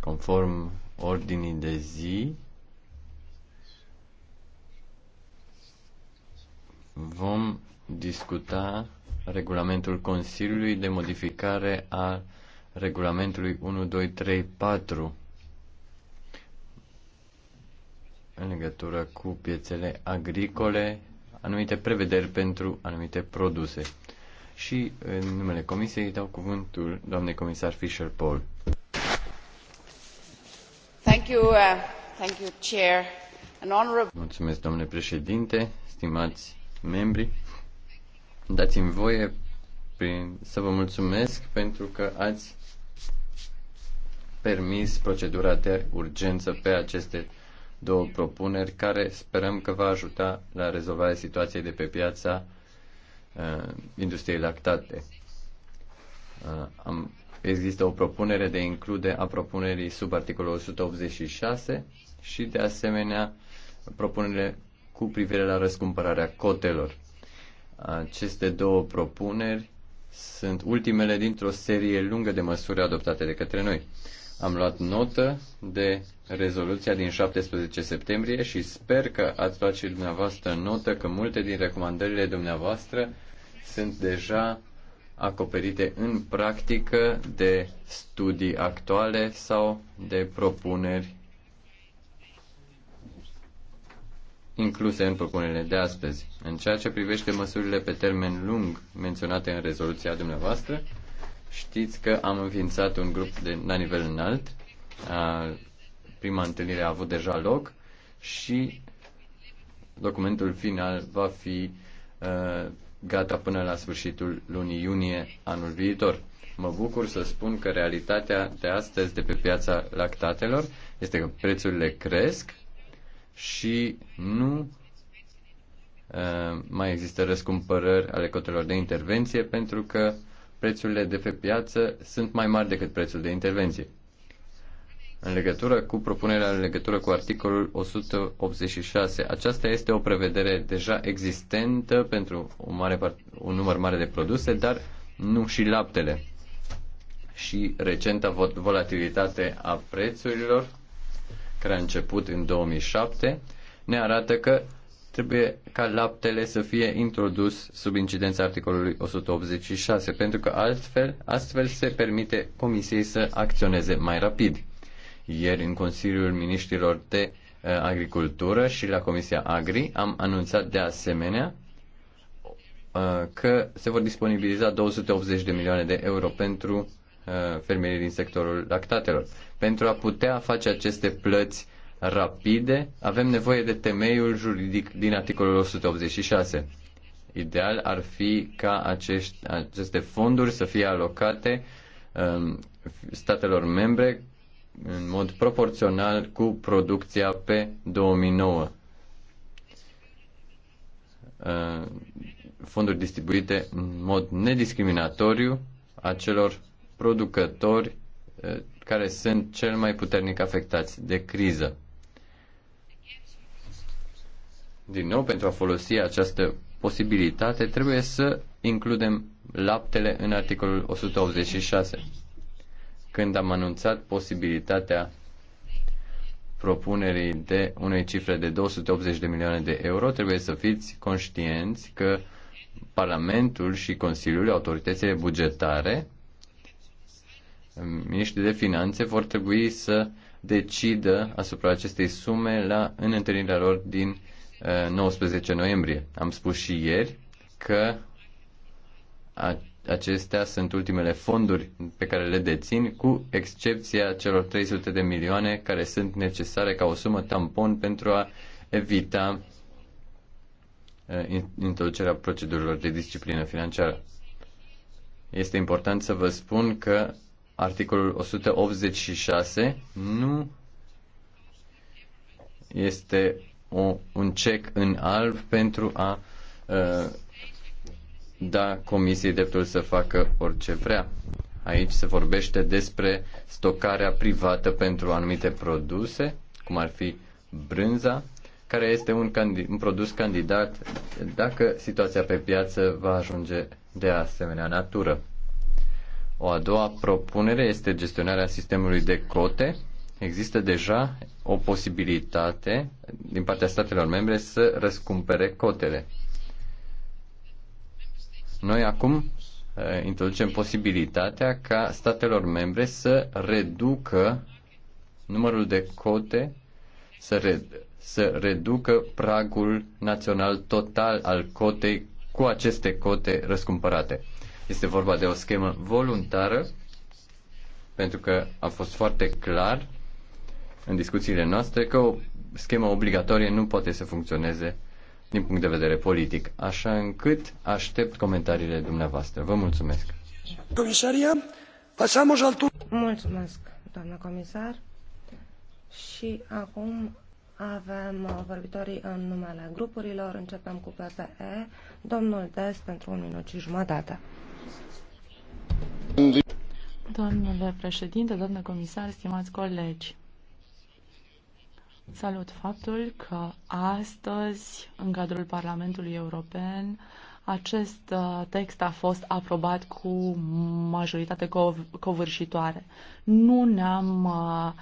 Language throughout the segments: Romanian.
Conform ordinii de zi, vom discuta regulamentul Consiliului de modificare a regulamentului 1234 în legătură cu piețele agricole, anumite prevederi pentru anumite produse. Și în numele Comisiei dau cuvântul doamnei comisar Fisher-Paul. Uh, mulțumesc, domnule președinte, stimați membri. Dați-mi voie prin, să vă mulțumesc pentru că ați permis procedura de urgență pe aceste două propuneri care sperăm că va ajuta la rezolvarea situației de pe piața uh, industriei lactate. Uh, am Există o propunere de include a propunerii sub articolul 186 și, de asemenea, propunerile cu privire la răscumpărarea cotelor. Aceste două propuneri sunt ultimele dintr-o serie lungă de măsuri adoptate de către noi. Am luat notă de rezoluția din 17 septembrie și sper că ați luat și dumneavoastră notă că multe din recomandările dumneavoastră sunt deja acoperite în practică de studii actuale sau de propuneri incluse în propunerile de astăzi. În ceea ce privește măsurile pe termen lung menționate în rezoluția dumneavoastră, știți că am înființat un grup de, la nivel înalt. A, prima întâlnire a avut deja loc și documentul final va fi a, gata până la sfârșitul lunii iunie anul viitor. Mă bucur să spun că realitatea de astăzi de pe piața lactatelor este că prețurile cresc și nu uh, mai există răscumpărări ale cotelor de intervenție pentru că prețurile de pe piață sunt mai mari decât prețul de intervenție în legătură cu propunerea în legătură cu articolul 186. Aceasta este o prevedere deja existentă pentru o mare part, un număr mare de produse, dar nu și laptele. Și recenta volatilitate a prețurilor, care a început în 2007, ne arată că trebuie ca laptele să fie introdus sub incidența articolului 186, pentru că altfel, astfel se permite Comisiei să acționeze mai rapid. Ieri, în Consiliul Ministrilor de uh, Agricultură și la Comisia Agri, am anunțat de asemenea uh, că se vor disponibiliza 280 de milioane de euro pentru uh, fermierii din sectorul lactatelor. Pentru a putea face aceste plăți rapide, avem nevoie de temeiul juridic din articolul 186. Ideal ar fi ca acești, aceste fonduri să fie alocate um, statelor membre în mod proporțional cu producția pe 2009. Uh, fonduri distribuite în mod nediscriminatoriu acelor producători uh, care sunt cel mai puternic afectați de criză. Din nou, pentru a folosi această posibilitate, trebuie să includem laptele în articolul 186 când am anunțat posibilitatea propunerii de unei cifre de 280 de milioane de euro, trebuie să fiți conștienți că Parlamentul și Consiliul, autoritățile bugetare, miniștrii de finanțe vor trebui să decidă asupra acestei sume la, în întâlnirea lor din 19 uh, noiembrie. Am spus și ieri că acestea sunt ultimele fonduri pe care le dețin, cu excepția celor 300 de milioane care sunt necesare ca o sumă tampon pentru a evita uh, introducerea procedurilor de disciplină financiară. Este important să vă spun că articolul 186 nu este o, un cec în alb pentru a uh, da Comisiei dreptul să facă orice vrea. Aici se vorbește despre stocarea privată pentru anumite produse, cum ar fi brânza, care este un, candi- un produs candidat dacă situația pe piață va ajunge de asemenea natură. O a doua propunere este gestionarea sistemului de cote. Există deja o posibilitate din partea statelor membre să răscumpere cotele. Noi acum eh, introducem posibilitatea ca statelor membre să reducă numărul de cote, să, re, să reducă pragul național total al cotei cu aceste cote răscumpărate. Este vorba de o schemă voluntară, pentru că a fost foarte clar în discuțiile noastre că o schemă obligatorie nu poate să funcționeze din punct de vedere politic, așa încât aștept comentariile dumneavoastră. Vă mulțumesc. Comisaria, pasăm o altul. Mulțumesc, doamnă comisar. Și acum avem uh, vorbitorii în numele grupurilor. Începem cu PPE. Domnul Des pentru un minut și jumătate. Domnule președinte, domnule comisar, stimați colegi. Salut faptul că astăzi, în cadrul Parlamentului European, acest uh, text a fost aprobat cu majoritate cov- covârșitoare. Nu ne-am uh,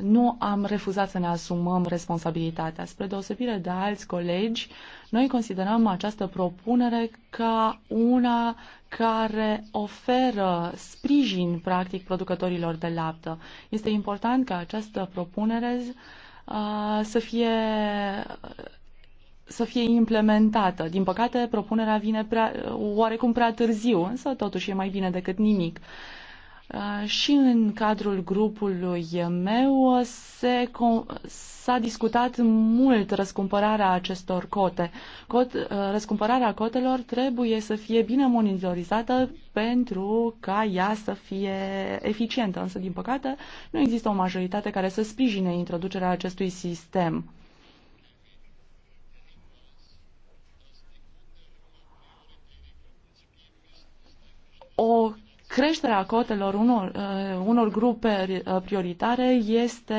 nu am refuzat să ne asumăm responsabilitatea. Spre deosebire de alți colegi, noi considerăm această propunere ca una care oferă sprijin, practic, producătorilor de lapte. Este important ca această propunere să fie să fie implementată. Din păcate, propunerea vine prea, oarecum prea târziu, însă totuși e mai bine decât nimic. Uh, Uh, și în cadrul grupului meu se, s-a discutat mult răscumpărarea acestor cote. Cot, uh, răscumpărarea cotelor trebuie să fie bine monitorizată pentru ca ea să fie eficientă, însă, din păcate, nu există o majoritate care să sprijine introducerea acestui sistem. O creșterea cotelor unor, uh, unor grupe uh, prioritare este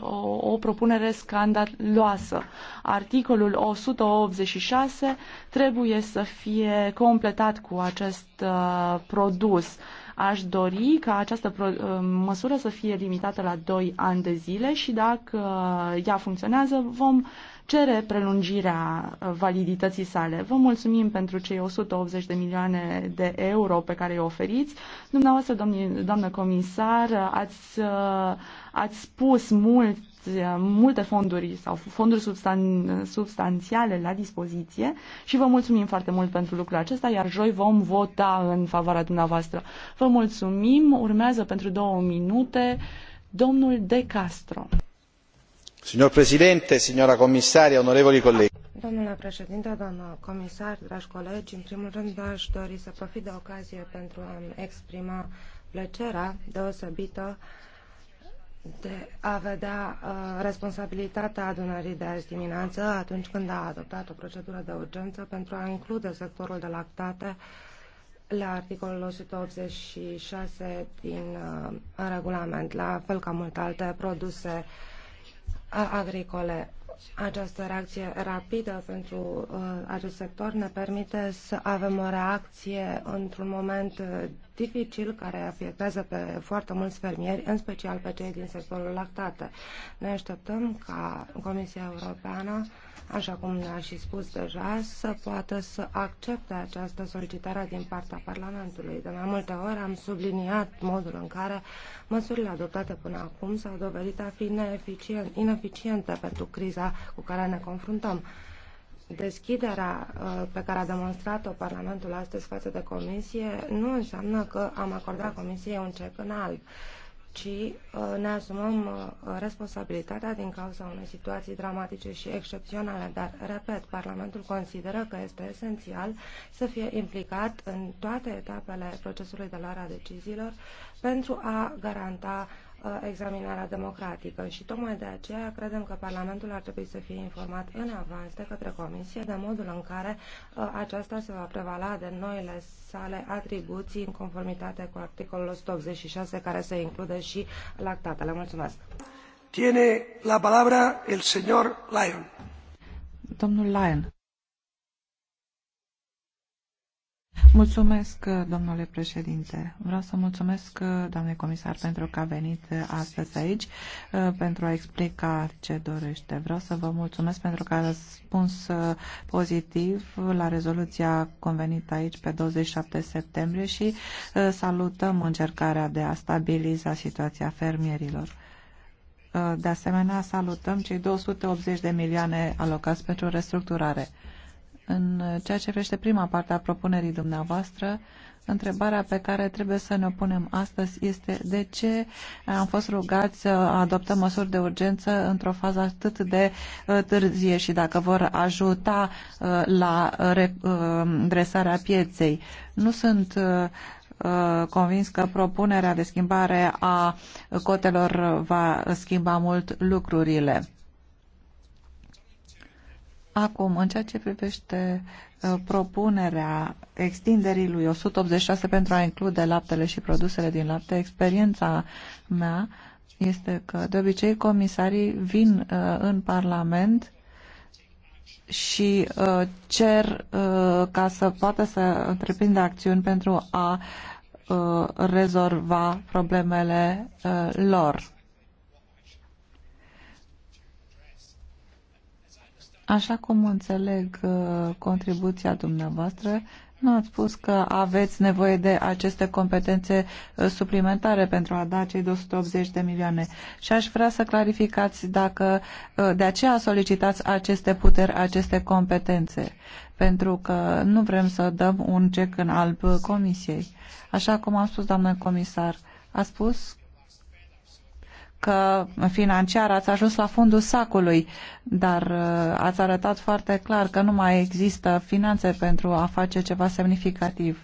o, o propunere scandaloasă. Articolul 186 trebuie să fie completat cu acest uh, produs. Aș dori ca această pro, uh, măsură să fie limitată la 2 ani de zile și dacă uh, ea funcționează vom cere prelungirea uh, validității sale. Vă mulțumim pentru cei 180 de milioane de euro pe care îi oferiți. Dumneavoastră, domnii, doamnă comisar, ați, uh, ați spus mult uh, multe fonduri sau fonduri substan- substanțiale la dispoziție și vă mulțumim foarte mult pentru lucrul acesta, iar joi vom vota în favoarea dumneavoastră. Vă mulțumim, urmează pentru două minute domnul De Castro signor signora domnule președinte comisar dragi colegi în primul rând aș dori să profit de ocazie pentru a mi exprima plăcerea deosebită de a vedea uh, responsabilitatea adunării de azi dimineață atunci când a adoptat o procedură de urgență pentru a include sectorul de lactate la articolul șase din uh, regulament, la fel ca multe alte produse agricole. Această reacție rapidă pentru uh, acest sector ne permite să avem o reacție într-un moment uh, dificil care afectează pe foarte mulți fermieri, în special pe cei din sectorul lactate. Ne așteptăm ca Comisia Europeană uh, așa cum ne a și spus deja, să poată să accepte această solicitare din partea Parlamentului. De mai multe ori am subliniat modul în care măsurile adoptate până acum s-au dovedit a fi ineficiente pentru criza cu care ne confruntăm. Deschiderea uh, pe care a demonstrat-o Parlamentul astăzi față de Comisie nu înseamnă că am acordat Comisiei un cec în alb ci uh, ne asumăm uh, responsabilitatea din cauza unei situații dramatice și excepționale. Dar, repet, Parlamentul consideră că este esențial să fie implicat în toate etapele procesului de luare a deciziilor pentru a garanta Uh, examinarea democratică și tocmai de aceea credem că Parlamentul ar trebui să fie informat în avans de către Comisie de modul în care uh, aceasta se va prevala de noile sale atribuții în conformitate cu articolul 186 care se include și lactatele. Mulțumesc! Tiene la palabra el señor Lyon. Domnul Lyon. Mulțumesc, domnule președinte. Vreau să mulțumesc, doamne comisar, pentru că a venit uh, astăzi aici uh, pentru a explica ce dorește. Vreau să vă mulțumesc pentru că a răspuns uh, pozitiv la rezoluția convenită aici pe 27 septembrie și salutăm încercarea de a stabiliza situația fermierilor. De asemenea, salutăm cei 280 de milioane alocați pentru restructurare. În ceea ce vrește prima parte a propunerii dumneavoastră, întrebarea pe care trebuie să ne punem astăzi este de ce am fost rugați să adoptăm măsuri de urgență într-o fază atât de uh, târzie și dacă vor ajuta uh, la uh, dresarea pieței. Nu sunt convins că propunerea de schimbare a cotelor va schimba mult lucrurile Acum, în ceea ce privește uh, propunerea extinderii lui 186 pentru a include laptele și produsele din lapte, experiența mea este că de obicei comisarii vin uh, în Parlament și uh, cer uh, ca să poată să întreprindă acțiuni pentru a uh, rezolva problemele lor Așa cum înțeleg uh, contribuția dumneavoastră, nu ați spus că aveți nevoie de aceste competențe uh, suplimentare pentru a da cei 280 de milioane și aș vrea să clarificați dacă uh, de aceea solicitați aceste puteri, aceste competențe, pentru că nu vrem să dăm un cec în alb comisiei. Așa cum am spus, doamnă comisar, a spus că financiar ați ajuns la fundul sacului, dar uh, ați arătat foarte clar că nu mai există finanțe pentru a face ceva semnificativ.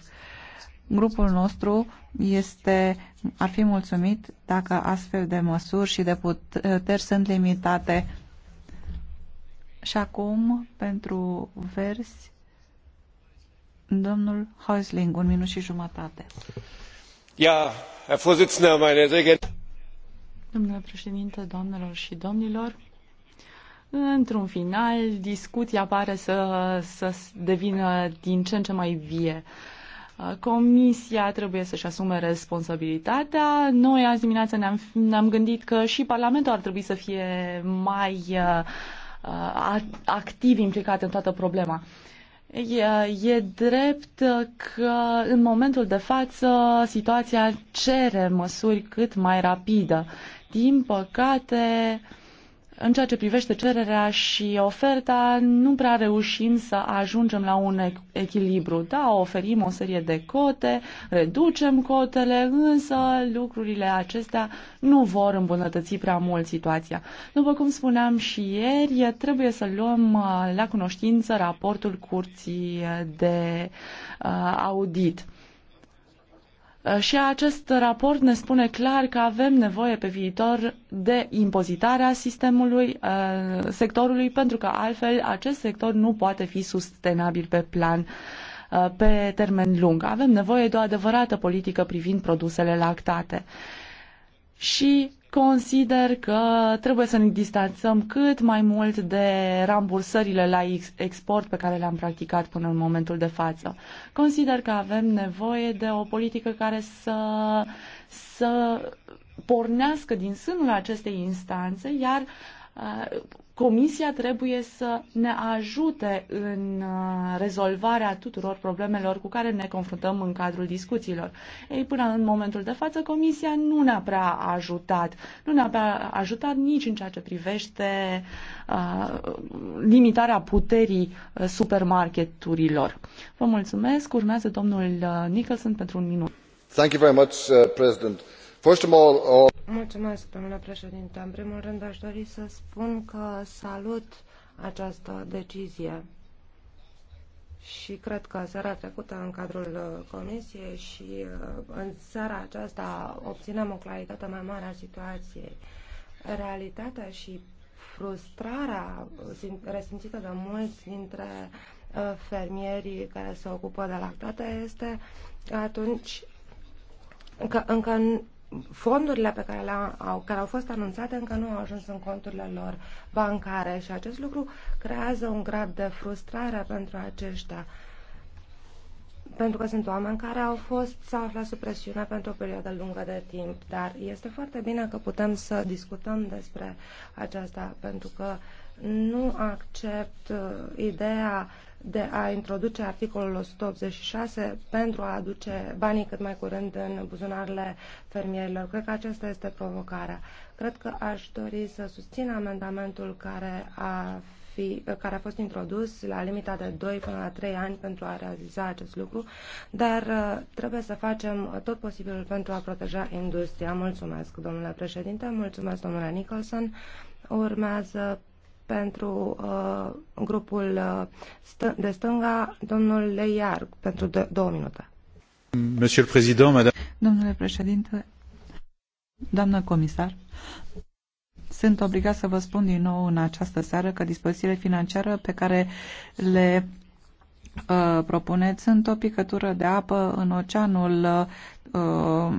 Grupul nostru este, ar fi mulțumit dacă astfel de măsuri și de puteri sunt limitate. Și acum, pentru versi, domnul Häusling, un minut și jumătate. Ja, Herr Vorsitzender, meine sehr geehrten Domnule președinte, doamnelor și domnilor, într-un final, discuția pare să, să devină din ce în ce mai vie. Comisia trebuie să-și asume responsabilitatea. Noi azi dimineața ne-am, ne-am gândit că și Parlamentul ar trebui să fie mai uh, activ implicat în toată problema. E, e drept că în momentul de față situația cere măsuri cât mai rapidă. Din păcate, în ceea ce privește cererea și oferta, nu prea reușim să ajungem la un echilibru. Da, oferim o serie de cote, reducem cotele, însă lucrurile acestea nu vor îmbunătăți prea mult situația. După cum spuneam și ieri, trebuie să luăm uh, la cunoștință raportul curții de uh, audit. Uh, și acest raport ne spune clar că avem nevoie pe viitor de impozitarea sistemului, uh, sectorului, pentru că altfel acest sector nu poate fi sustenabil pe plan uh, pe termen lung. Avem nevoie de o adevărată politică privind produsele lactate. Și consider că trebuie să ne distanțăm cât mai mult de rambursările la export pe care le-am practicat până în momentul de față. Consider că avem nevoie de o politică care să, să pornească din sânul acestei instanțe, iar uh, Comisia trebuie să ne ajute în uh, rezolvarea tuturor problemelor cu care ne confruntăm în cadrul discuțiilor. Ei, până în momentul de față, Comisia nu ne-a prea ajutat. Nu ne-a prea ajutat nici în ceea ce privește uh, limitarea puterii uh, supermarketurilor. Vă mulțumesc. Urmează domnul uh, Nicholson pentru un minut. Thank you very much, uh, President. Uh, în primul rând, aș dori să spun că salut această decizie și cred că seara trecută în cadrul uh, comisiei și uh, în seara aceasta obținem o claritate mai mare a situației. Realitatea și frustrarea resimțită de mulți dintre fermierii care se ocupă de lactate este atunci că încă fondurile pe care, le au, care au fost anunțate încă nu au ajuns în conturile lor bancare și acest lucru creează un grad de frustrare pentru aceștia. Pentru că sunt oameni care au fost sau aflat sub presiune pentru o perioadă lungă de timp, dar este foarte bine că putem să discutăm despre aceasta, pentru că nu accept uh, ideea de a introduce articolul 186 pentru a aduce banii cât mai curând în buzunarele fermierilor. Cred că aceasta este provocarea. Cred că aș dori să susțin amendamentul care a fi, care a fost introdus la limita de 2 până la 3 ani pentru a realiza acest lucru, dar uh, trebuie să facem tot posibilul pentru a proteja industria. Mulțumesc, domnule președinte, mulțumesc, domnule Nicholson. Urmează pentru uh, grupul uh, stâ de stânga, domnul Leiar, pentru două minute. Monsieur le Président, Madame... Domnule președinte, doamnă comisar, sunt obligat să vă spun din nou în această seară că dispozițiile financiare pe care le uh, propuneți sunt o picătură de apă în oceanul uh,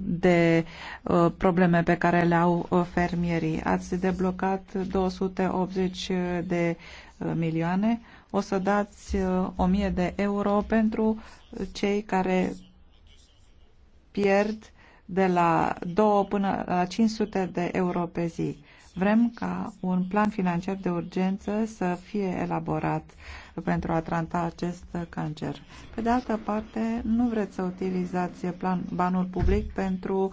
de uh, probleme pe care le au uh, fermierii. Ați deblocat 280 de uh, milioane, o să dați 1000 uh, de euro pentru cei care pierd de la 2 până la 500 de euro pe zi. Vrem ca un plan financiar de urgență să fie elaborat pentru a tranta acest cancer. Pe de altă parte, nu vreți să utilizați plan, banul public pentru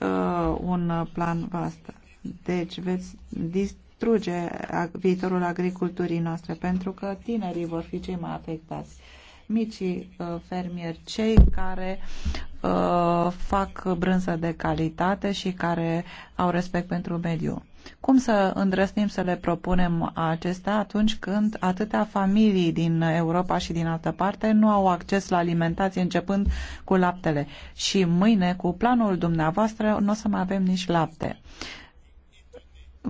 uh, un plan vast. Deci veți distruge viitorul agriculturii noastre pentru că tinerii vor fi cei mai afectați micii uh, fermieri, cei care uh, fac brânză de calitate și care au respect pentru mediu. Cum să îndrăsnim să le propunem acestea atunci când atâtea familii din Europa și din altă parte nu au acces la alimentație începând cu laptele și mâine cu planul dumneavoastră nu o să mai avem nici lapte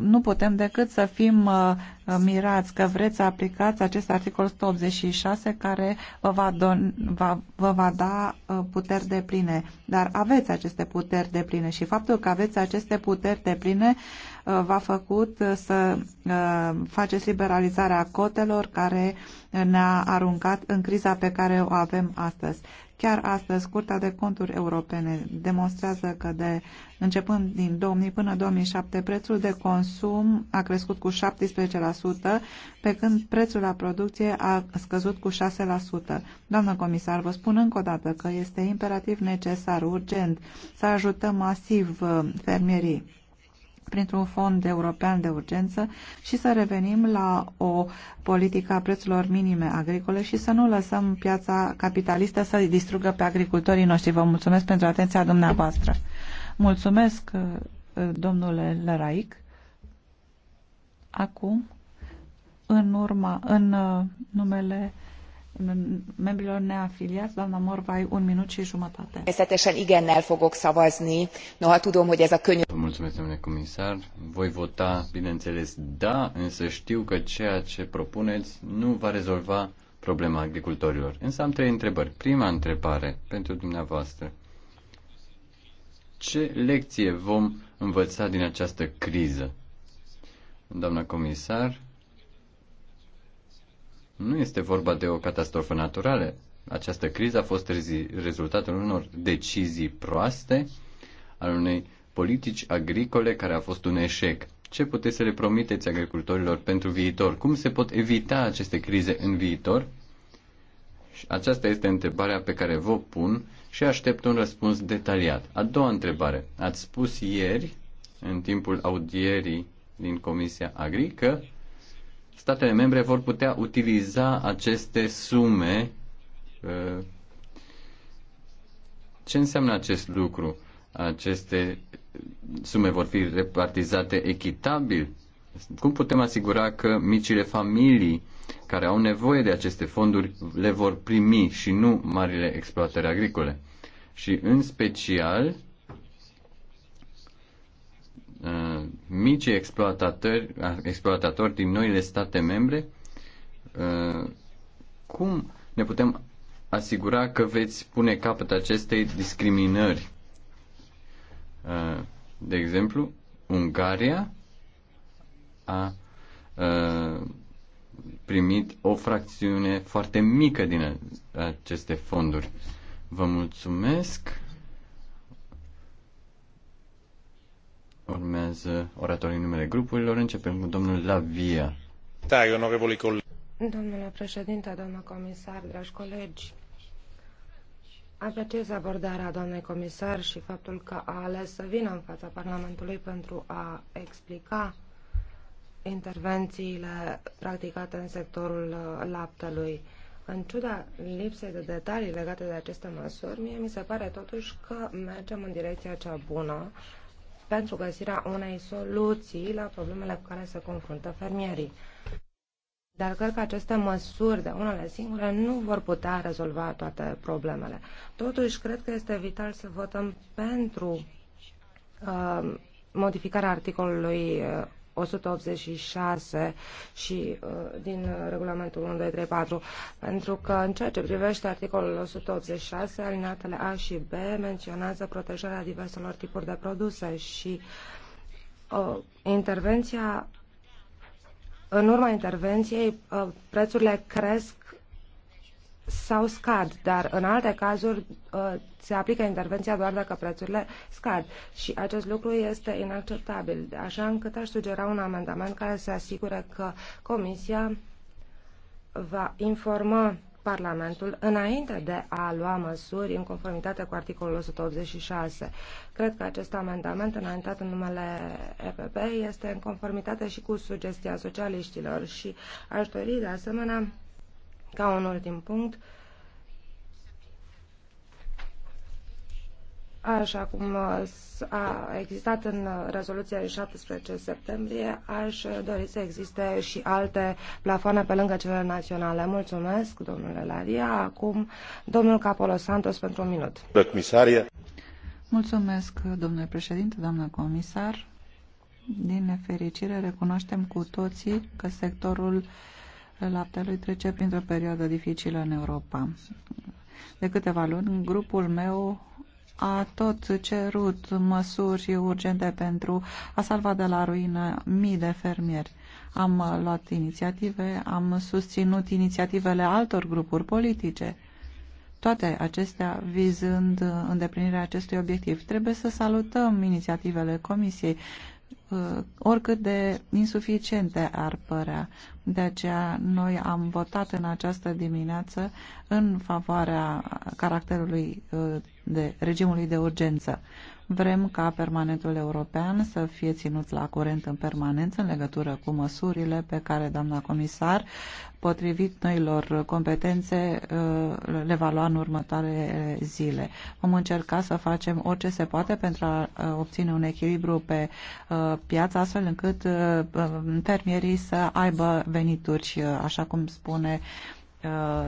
nu putem decât să fim uh, mirați că vreți să aplicați acest articol 186 care vă va, don, va, vă va da uh, puteri de pline. Dar aveți aceste puteri de pline și faptul că aveți aceste puteri de pline uh, Uh, v-a făcut uh, să uh, faceți liberalizarea cotelor care ne-a aruncat în criza pe care o avem astăzi. Chiar astăzi, Curtea de Conturi Europene demonstrează că de începând din 2000 până 2007 prețul de consum a crescut cu 17%, pe când prețul la producție a scăzut cu 6%. Doamnă comisar, vă spun încă o dată că este imperativ necesar, urgent, să ajutăm masiv fermierii printr-un fond european de urgență și să revenim la o politică a prețurilor minime agricole și să nu lăsăm piața capitalistă să îi distrugă pe agricultorii noștri. Vă mulțumesc pentru atenția dumneavoastră. Mulțumesc, domnule Lăraic. Acum, în urma, în uh, numele membrilor neafiliați. Doamna Morvai, un minut și jumătate. Természetesen igennel fogok szavazni, noha tudom, hogy ez a könnyű... Mulțumesc, domnule comisar. Voi vota, bineînțeles, da, însă știu că ceea ce propuneți nu va rezolva problema agricultorilor. Însă am trei întrebări. Prima întrebare pentru dumneavoastră. Ce lecție vom învăța din această criză? Doamna comisar, nu este vorba de o catastrofă naturală. Această criză a fost rezultatul unor decizii proaste, al unei politici agricole care a fost un eșec. Ce puteți să le promiteți agricultorilor pentru viitor? Cum se pot evita aceste crize în viitor? Și aceasta este întrebarea pe care vă pun și aștept un răspuns detaliat. A doua întrebare. Ați spus ieri, în timpul audierii din Comisia Agrică statele membre vor putea utiliza aceste sume. Uh, ce înseamnă acest lucru? Aceste sume vor fi repartizate echitabil? Cum putem asigura că micile familii care au nevoie de aceste fonduri le vor primi și nu marile exploatări agricole? Și în special, mici exploatatori, exploatatori din noile state membre, uh, cum ne putem asigura că veți pune capăt acestei discriminări? Uh, de exemplu, Ungaria a uh, primit o fracțiune foarte mică din aceste fonduri. Vă mulțumesc! Urmează oratorii numele grupurilor. Începem cu domnul Lavia. Da, eu onorevoli colegi. Domnule președinte, doamnă comisar, dragi colegi, apreciez abordarea doamnei comisar și faptul că a ales să vină în fața Parlamentului pentru a explica intervențiile practicate în sectorul uh, laptelui. În ciuda lipsei de detalii legate de aceste măsuri, mie mi se pare totuși că mergem în direcția cea bună pentru găsirea unei soluții la problemele cu care se confruntă fermierii. Dar cred că aceste măsuri de unele singure nu vor putea rezolva toate problemele. Totuși, cred că este vital să votăm pentru uh, modificarea articolului uh, 186 și uh, din regulamentul 1234, pentru că în ceea ce privește articolul 186, alinatele A și B menționează protejarea diverselor tipuri de produse și uh, intervenția în urma intervenției uh, prețurile cresc sau scad, dar în alte cazuri uh, se aplică intervenția doar dacă prețurile scad. Și acest lucru este inacceptabil, așa încât aș sugera un amendament care să asigure că Comisia va informa Parlamentul înainte de a lua măsuri în conformitate cu articolul 186. Cred că acest amendament înaintat în numele EPP este în conformitate și cu sugestia socialiștilor și aș dori de asemenea ca un ultim punct, așa cum uh, a existat în rezoluția din 17 septembrie, aș dori să existe și alte plafoane pe lângă cele naționale. Mulțumesc, domnule Laria. Acum, domnul Capolo Santos, pentru un minut. Comisarie. Mulțumesc, domnule președinte, doamnă comisar. Din nefericire, recunoaștem cu toții că sectorul laptelui trece printr-o perioadă dificilă în Europa. De câteva luni, grupul meu a tot cerut măsuri urgente pentru a salva de la ruină mii de fermieri. Am luat inițiative, am susținut inițiativele altor grupuri politice. Toate acestea vizând îndeplinirea acestui obiectiv. Trebuie să salutăm inițiativele Comisiei, Uh, oricât de insuficiente ar părea. De aceea noi am votat în această dimineață în favoarea caracterului uh, de regimului de urgență. Vrem ca permanentul european să fie ținut la curent în permanență în legătură cu măsurile pe care doamna comisar, potrivit noilor competențe, uh, le va lua în următoare zile. Vom încerca să facem orice se poate pentru a uh, obține un echilibru pe uh, piață, astfel încât fermierii să aibă venituri, așa cum spune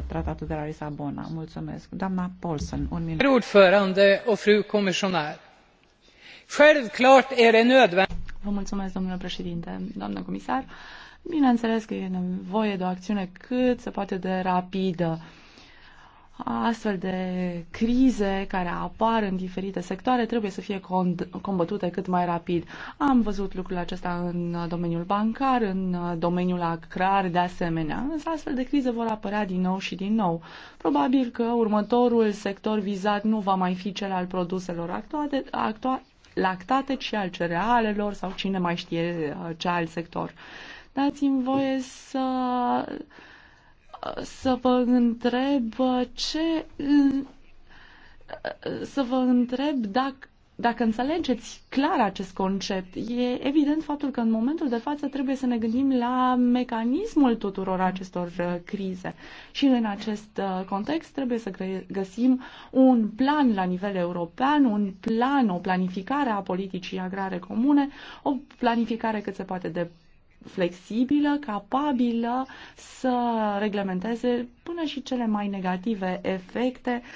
tratatul de la Lisabona. Mulțumesc. Doamna Paulsen, un minut. Ordförande o fru comisionar. Självklart är det nödvändigt. Vă mulțumesc, domnule președinte, doamnă comisar. Bineînțeles că e nevoie de o acțiune cât se poate de rapidă. Astfel de crize care apar în diferite sectoare trebuie să fie combătute cât mai rapid. Am văzut lucrul acesta în domeniul bancar, în domeniul agrar de asemenea, însă astfel de crize vor apărea din nou și din nou. Probabil că următorul sector vizat nu va mai fi cel al produselor actuale, lactate, ci al cerealelor sau cine mai știe uh, ce alt sector. Dați-mi voie să uh, să vă întreb uh, ce să vă întreb dacă dacă înțelegeți clar acest concept, e evident faptul că în momentul de față trebuie să ne gândim la mecanismul tuturor acestor uh, crize. Și în acest uh, context trebuie să găsim un plan la nivel european, un plan, o planificare a politicii agrare comune, o planificare cât se poate de flexibilă, capabilă să reglementeze până și cele mai negative efecte uh,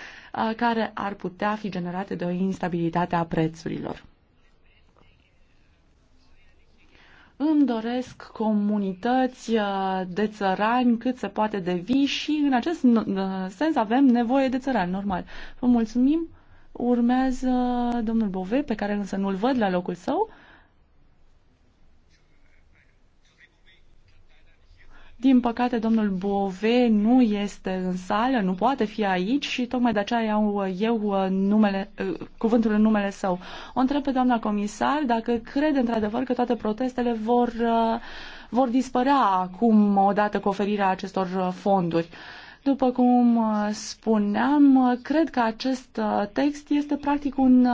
care ar putea fi generate de o instabilitate a prețurilor. îmi doresc comunități de țărani cât se poate de vii și în acest sens avem nevoie de țărani, normal. Vă mulțumim. Urmează domnul Bove, pe care însă nu-l văd la locul său. Din păcate, domnul Bove nu este în sală, nu poate fi aici și tocmai de aceea iau uh, eu uh, numele, uh, cuvântul în numele său. O întreb pe doamna comisar dacă crede într-adevăr că toate protestele vor, vor dispărea acum odată cu oferirea acestor fonduri. După cum spuneam, cred că acest text este practic un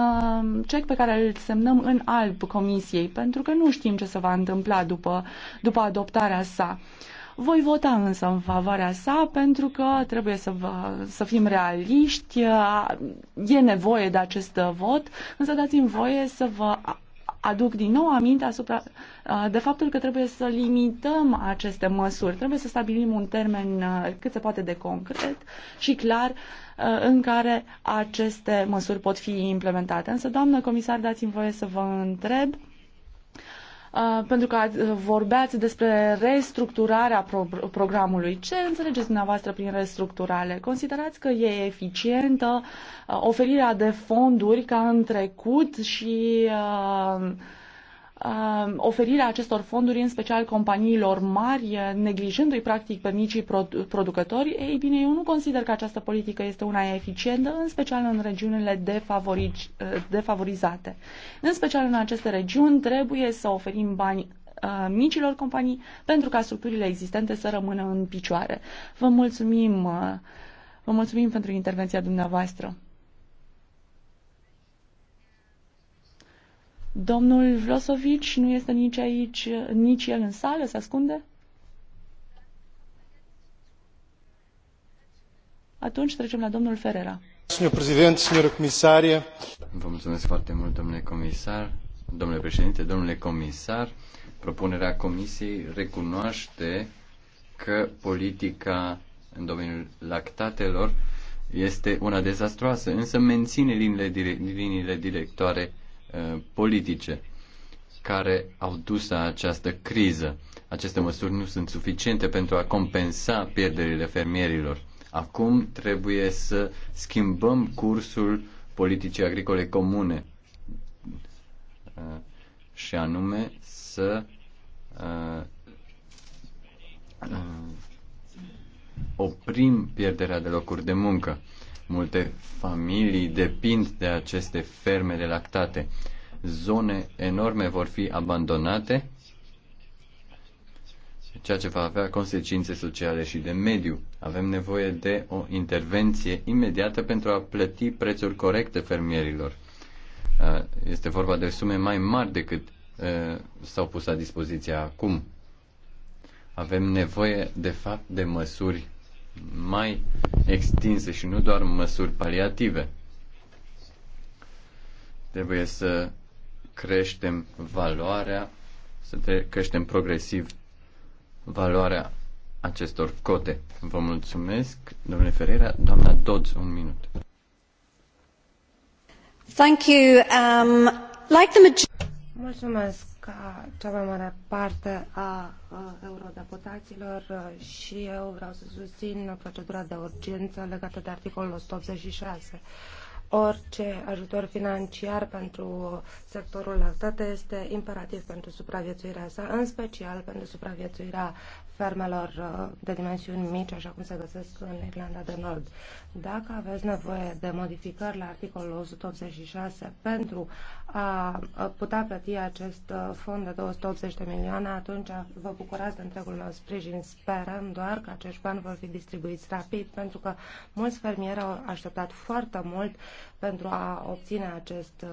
cec pe care îl semnăm în alb Comisiei, pentru că nu știm ce se va întâmpla după, după adoptarea sa. Voi vota însă în favoarea sa pentru că trebuie să, vă, să fim realiști, e nevoie de acest vot, însă dați-mi voie să vă aduc din nou aminte asupra de faptul că trebuie să limităm aceste măsuri, trebuie să stabilim un termen cât se poate de concret și clar în care aceste măsuri pot fi implementate. Însă, doamnă comisar, dați-mi voie să vă întreb Uh, pentru că uh, vorbeați despre restructurarea pro- programului. Ce înțelegeți dumneavoastră prin restructurare? Considerați că e eficientă uh, oferirea de fonduri ca în trecut și uh, Um, oferirea acestor fonduri, în special companiilor mari, neglijându-i practic pe micii producători, ei bine, eu nu consider că această politică este una eficientă, în special în regiunile uh, defavorizate. În special în aceste regiuni trebuie să oferim bani uh, micilor companii pentru ca structurile existente să rămână în picioare. Vă mulțumim, uh, vă mulțumim pentru intervenția dumneavoastră. Domnul Vlosovici nu este nici aici, nici el în sală, se ascunde? Atunci trecem la domnul Ferera. Domnule președinte, domnule comisar. Vă mulțumesc foarte mult, domnule comisar, domnule președinte, domnule comisar. Propunerea comisiei recunoaște că politica în domeniul lactatelor este una dezastroasă, însă menține liniile, liniile directoare Uh, politice care au dus la această criză. Aceste măsuri nu sunt suficiente pentru a compensa pierderile fermierilor. Acum trebuie să schimbăm cursul politicii agricole comune uh, și anume să uh, oprim pierderea de locuri de muncă. Multe familii depind de aceste ferme de lactate. Zone enorme vor fi abandonate, ceea ce va avea consecințe sociale și de mediu. Avem nevoie de o intervenție imediată pentru a plăti prețuri corecte fermierilor. Uh, este vorba de sume mai mari decât uh, s-au pus la dispoziție acum. Avem nevoie, de fapt, de măsuri mai extinse și nu doar măsuri paliative. Trebuie să creștem valoarea, să creștem progresiv valoarea acestor cote. Vă mulțumesc, domnule Ferreira. Doamna Dodds, un minut. Thank you. Um, like the majority... Mulțumesc ca cea mai mare parte a, a eurodeputaților și eu vreau să susțin procedura de urgență legată de articolul 186. Orice ajutor financiar pentru sectorul lactate este imperativ pentru supraviețuirea sa, în special pentru supraviețuirea fermelor uh, de dimensiuni mici, așa cum se găsesc în Irlanda de Nord. Dacă aveți nevoie de modificări la articolul 186 pentru a putea plăti acest uh, fond de 280 de milioane, atunci vă bucurați de întregul meu sprijin. Sperăm doar că acești bani vor fi distribuiți rapid, pentru că mulți fermieri au așteptat foarte mult pentru a obține acest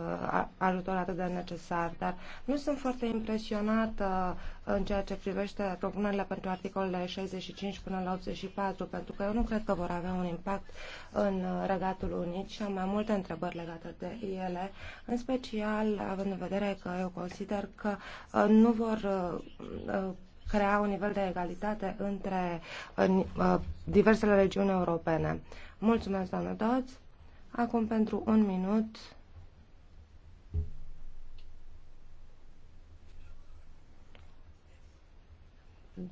ajutor atât de necesar, dar nu sunt foarte impresionată uh, în ceea ce privește propunerile pentru articolele 65 până la 84, pentru că eu nu cred că vor avea un impact în uh, Regatul Unit și am mai multe întrebări legate de ele, în special având în vedere că eu consider că uh, nu vor crea un nivel de egalitate între diversele regiuni europene. Mulțumesc, doamnă Dodds. Acum pentru un minut.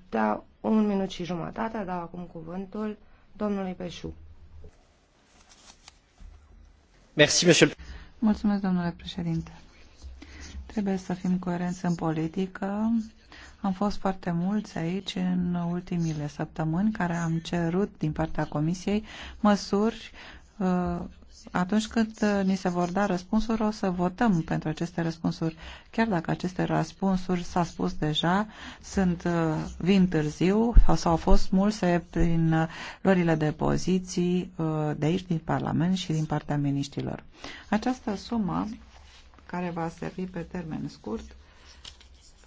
Da, un minut și jumătate, dau acum cuvântul domnului Peșu. Merci, monsieur. Mulțumesc, domnule președinte. Trebuie să fim coerenți în politică. Am fost foarte mulți aici în ultimile săptămâni care am cerut din partea Comisiei măsuri Uh, atunci când uh, ni se vor da răspunsuri, o să votăm pentru aceste răspunsuri. Chiar dacă aceste răspunsuri, s-a spus deja, sunt, uh, vin târziu sau au fost mulse prin lorile de poziții de aici, din Parlament și din partea miniștilor. Această sumă, care va servi pe termen scurt,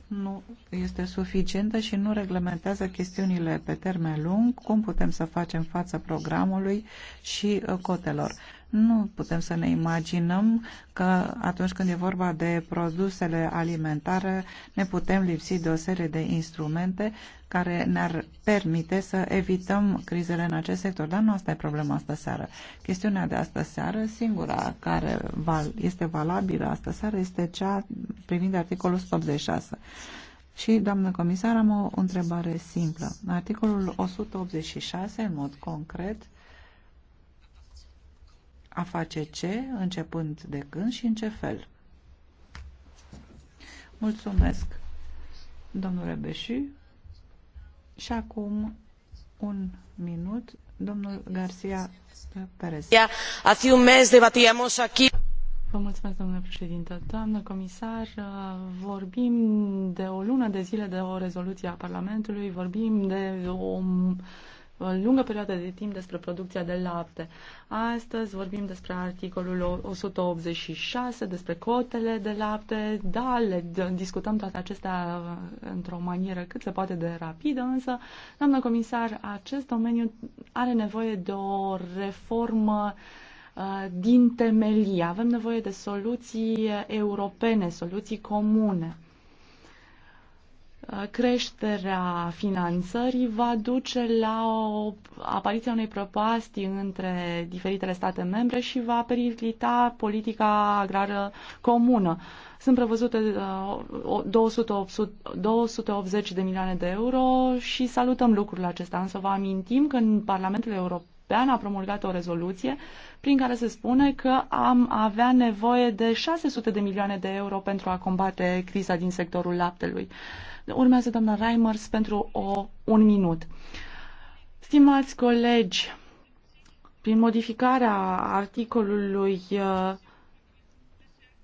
nu este suficientă și nu reglementează chestiunile pe termen lung, cum putem să facem față programului și uh, cotelor. Nu putem să ne imaginăm că atunci când e vorba de produsele alimentare ne putem lipsi de o serie de instrumente care ne-ar permite să evităm crizele în acest sector. Dar nu asta e problema astă seară. Chestiunea de astă seară, singura care este valabilă astă seară, este cea privind articolul 186. Și, doamnă comisar, am o întrebare simplă. Articolul 186, în mod concret, a face ce, începând de când și în ce fel. Mulțumesc, domnule Beșu. Și acum un minut, domnul Garcia Perez. Hace un mes debatíamos aquí. Vă mulțumesc, domnule președinte. Doamnă comisar, vorbim de o lună de zile de o rezoluție a Parlamentului, vorbim de o lungă perioadă de timp despre producția de lapte. Astăzi vorbim despre articolul 186, despre cotele de lapte. Da, le discutăm toate acestea uh, într-o manieră cât se poate de rapidă, însă, doamnă comisar, acest domeniu are nevoie de o reformă uh, din temelie. Avem nevoie de soluții uh, europene, soluții comune creșterea finanțării va duce la o apariția unei prăpastii între diferitele state membre și va periclita politica agrară comună. Sunt prevăzute 280 uh, de milioane de euro și salutăm lucrul acesta, însă vă amintim că în Parlamentul European a promulgat o rezoluție prin care se spune că am avea nevoie de 600 de milioane de euro pentru a combate criza din sectorul laptelui. Uh, Urmează doamna Reimers pentru o, un minut. Stimați colegi, prin modificarea articolului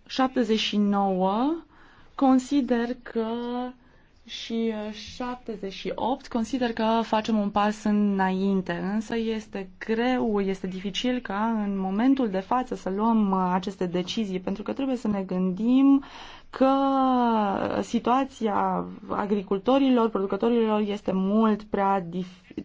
79, uh, consider că și 78 uh, consider că facem un pas înainte, însă este greu, este dificil ca în momentul de față să luăm uh, aceste decizii, pentru că trebuie să ne gândim că situația agricultorilor, producătorilor este mult prea dif-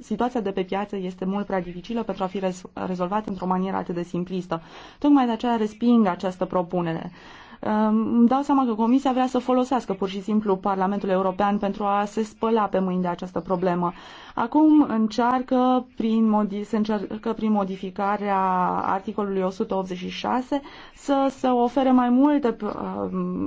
situația de pe piață este mult prea dificilă pentru a fi rezolvată într-o manieră atât de simplistă. Tocmai de aceea resping această propunere. Îmi dau seama că Comisia vrea să folosească pur și simplu Parlamentul European pentru a se spăla pe mâini de această problemă. Acum încearcă prin modi- se încearcă prin modificarea articolului 186 să se ofere mai multe uh,